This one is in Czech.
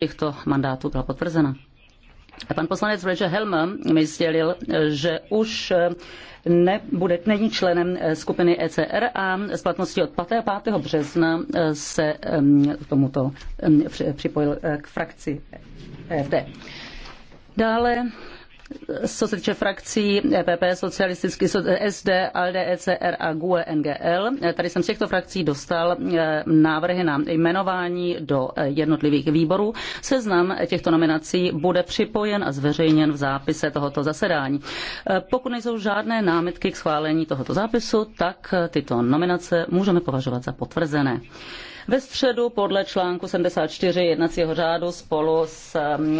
těchto mandátů byla potvrzena. A pan poslanec Roger Helmer mi sdělil, že už eh, nebude, není členem eh, skupiny ECR a s platností od 5. 5. března eh, se k tomuto připojil k frakci e FD. Dále co se týče frakcí EPP, socialistický, SD, ALDE, ECR a e GUE NGL. Tady jsem z těchto frakcí dostal e, návrhy na jmenování do e, jednotlivých výborů. Seznam těchto nominací bude připojen a zveřejněn v zápise tohoto zasedání. Pokud nejsou žádné námitky k schválení tohoto zápisu, tak tyto nominace můžeme považovat za potvrzené. Ve středu podle článku 74 jednacího řádu spolu s